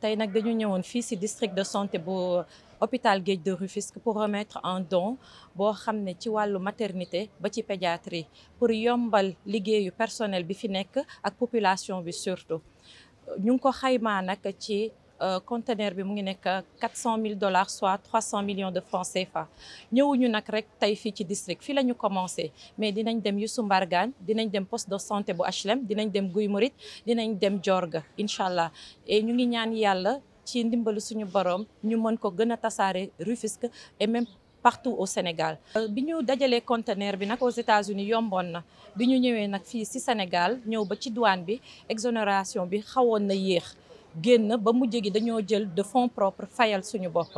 tay nak dañu ñëwoon fii ci district de santé bu hôpital Guédiawaye de Rufisque pour remettre en don boo xam ne ci wàllu maternité ba ci pédiatrie pour yombal liggéeyu personnel bi fi nekk ak population bi surtout ñu ngi ko xaymaa nag ci euh, conteneur bi mu ngi nekk dollars soit 300 millions de francs CFA ñëwuñu nak rek tay fi ci district fi lañu ñu commencé mais dinañ dem Youssou Mbargane dinañ dem poste de santé bu HLM dinañ dem Guy Mouride dinañ dem Diorga inshallah et ñu ngi ñaan yalla ci ndimbalu suñu borom ñu mën ko gëna tassaré Rufisque et même partout au Sénégal. Euh, bi ñu dajalee conteneur bi nak aux États-Unis yomboon na bi ñu ñëwee nag fii si Sénégal ñëw ba ci douane bi exonération bi xawon na yéex. génn ba mu gi dañoo jël de fonds propres fayal suñu bopp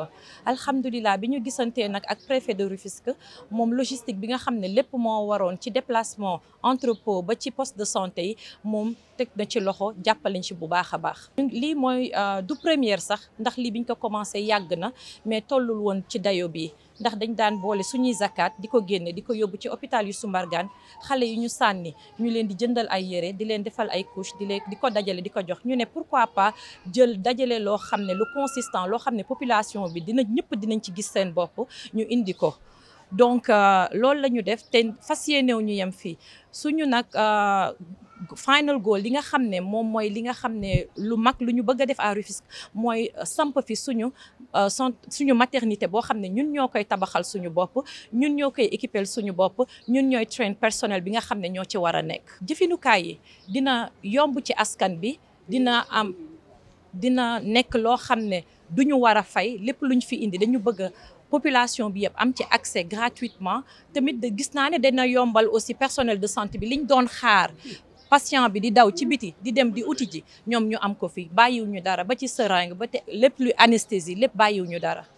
alhamdulilah bi ñu gisantee nag ak préfet de Rufisque moom logistique bi nga xam ne lépp moo waroon ci déplacement entrepôt ba ci poste de santé yi moom teg na ci loxo jàppaleñ ci bu baax a baax lii mooy euh, du première sax ndax lii biñ ko commencé yàgg na mais tollul woon ci dayo bii ndax dañ daan boole suñuy zakat di ko génne di ko yóbbu ci hôpital yu Sumbargaan xale yu ñu sànni ñu leen di jëndal ay yére di leen defal ay couche di di ko dajale di ko jox ñu ne pourquoi pas jël dajale loo xam ne lu consistant loo xam ne population bi dina ñëpp dinañ ci gis seen bopp ñu indi ko donc euh, loolu la ñu def te fas yéenew ñu yem fii suñu nag euh, final goal li nga xam ne moom mooy li nga xam ne lu mag lu ñu bëgg def à Rufisque mooy samp fi suñu son euh, suñu maternité boo xam ne ñun ñoo koy tabaxal suñu bopp ñun ñoo koy équipel suñu bopp ñun ñooy train personnel bi nga xam ne ñoo ci war a nekk. jëfinukaay yi dina yomb ci askan bi dina am dina nekk loo xam ne du ñu war a fay lépp lu ñu fi indi dañu bëgg population bi yëpp am ci accès gratuitement tamit gis naa ne dina yombal aussi personnel de santé bi liñ doon xaar. patient bi di daw ci biti di dem di uti ji ñoom ñu am ko fi bàyyiwu ñu dara ba ci seringue ba te lépp luy anesthésie lépp bàyyiwu ñu dara